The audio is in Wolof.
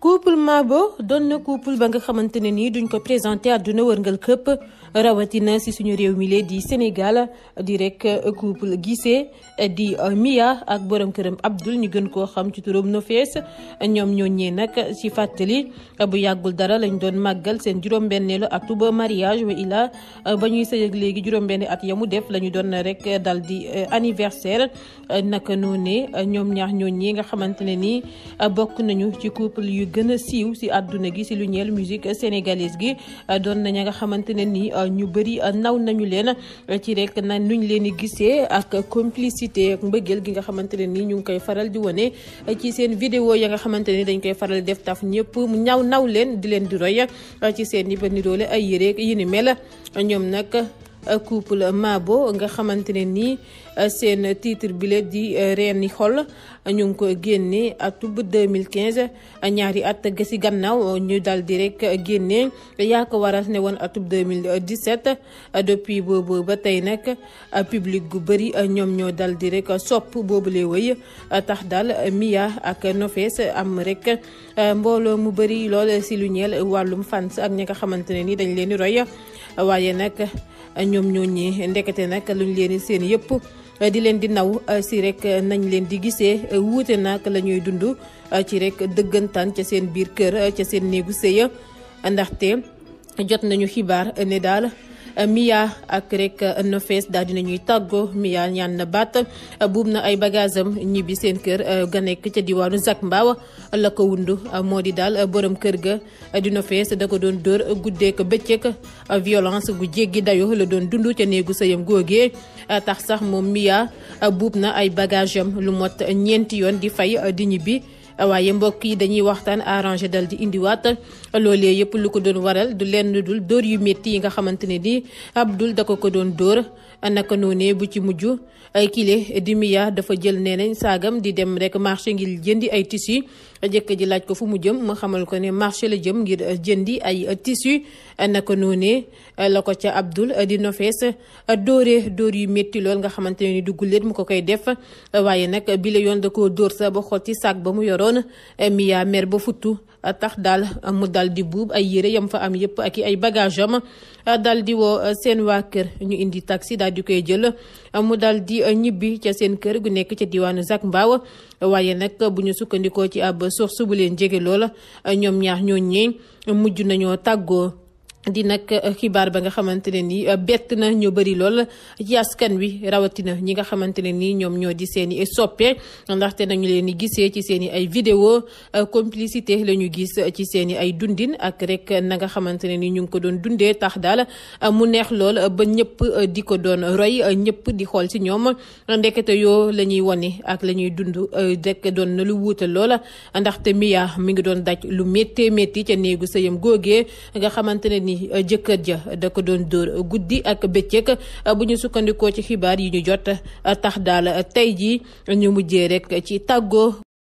couple Mabo doon na couple ba nga xamante ne nii duñ ko présenté àdduna wërngal këpp rawatina si suñu réew mi lee di Sénégal di rek couple Guissé di Mia ak borom këram Abdoul ñu gën koo xam ci turam Nofees ñoom ñooñee nag ci fàttali bu yàggul dara lañ doon màggal seen juróom-benneelu atub mariage wa ila ba ñuy sëy léegi juróom at yamu def la doon rek dal di eh, anniversaire naka noonee ñoom ñaax ñooñee nga xamante ne nii bokk nañu ci couple yu gën a siiw si àdduna gi si lu ñeel musique sénégalaise gi doon nañu nga xamante ne ñu bëri euh, naw nañu leen euh, ci rek na nuñ leen di gisee ak complicité ak mbëggeel gi nga xamante ne nii ñu ngi koy faral di wane euh, ci seen vidéo ya nga xamante ne dañ koy faral def taf ñëpp ñaw naw leen di leen di roy ci seen i ba niroole ay yére yi ni mel ñoom nag couple Mabo nga xamante ne nii euh, seen titre bile di euh, reeni xol ñu ngi ko génne atub 2015 ñaari at ga si gannaaw ñu dal di rek génne yaa ko war ne woon atub 2017 depuis boobu ba tey nag public gu bëri ñoom ñoo dal di rek sopp boobule wëy tax dal Mia ak Nofees am rek euh, mbooloo mu bëri lool si lu ñeel wàllum fans ak ñi nga xamante ne ni dañ leen di roy waaye nag. ñoom ñoo ñi ndekete nag luñ leen seen yëpp di leen di naw si rek nañ leen di gisee wuute nag la ñuy dund ci rekk dëggantaan ca seen biir kër ca seen néegu séya ndaxte jot nañu xibaar ne daal Mia ak rek uh, Nofees daal dina ñuy tàggoo Mia ñaan na baat uh, buub na ay bagaasam ñibbi seen kër uh, ga nekk ca diwaanu Zac Mbao la ko wundu moo di daal borom kër ga di Nofees da ko doon dóor guddeek bëccëg violence gu jéggi dayo la doon dund ca néegu sëyam googee tax sax moom Mia buub na ay bagaasam lu mot ñeenti yoon di fay di ñibbi waaye mbokk yi dañuy waxtaan arrangé dal di indiwaat loolee yëpp lu ko doon waral du lenn dul dóor yu métti yi nga xamante ne ni dul da ko ko doon dóor naka noone bu ci mujj kile di Mia dafa jël nee nañ saagam di dem rek marché ngir jëndi ay tissu jëkk ji laaj ko fu mu jëm mu xamal ko ne marché la jëm ngir jëndi ay tissu naka noonee la ko ca Abdul di Nofees dóore dóor yu métti lool nga xamante ne ni dugguleet mu ko koy def waaye nag bile yoon da koo dóor sa ba xotti saag ba mu yoroon Mia mer ba futtu tax daal mu dal di buub ay yére yam fa am yëpp ak yi ay bagage am dal di woo seen waa kër ñu indi taxi daal di koy jël mu dal di ñibbi ca seen kër gu nekk ca diwaanu Zac Mbao waaye nag bu ñu sukkandikoo ci ab source bu leen jege loola ñoom ñaar ñoo ñeeñ mujj nañoo tàggoo di nag eh, xibaar ba nga xamante ne ni eh, bett na ñu bëri lool ci askan wi rawatina ñi nga xamante ne ni ñoom ñoo di seeni i soppe ndaxte nañu leen di gisee ci seen i ay vidéo eh, complicité la ñu gis ci seen i ay dundin ak rek na nga xamante ne ni ñu ngi ko doon dundee tax daal mu neex lool ba ñëpp di ko doon roy ñëpp di xool ci ñoom ndekete yoo la ñuy wane ak la ñuy dund rek doon na lu wuutal lool ndaxte Mia mi ngi doon daj lu méttee métti ca néegu sëyam googee nga xamante ni eh, jëkkër ja eh, da doon dóor guddi ak bëccëg eh, bu ñu sukkandikoo ci xibaar yi ñu jot tax daal tey ji ñu mujjee rek ci tàggoo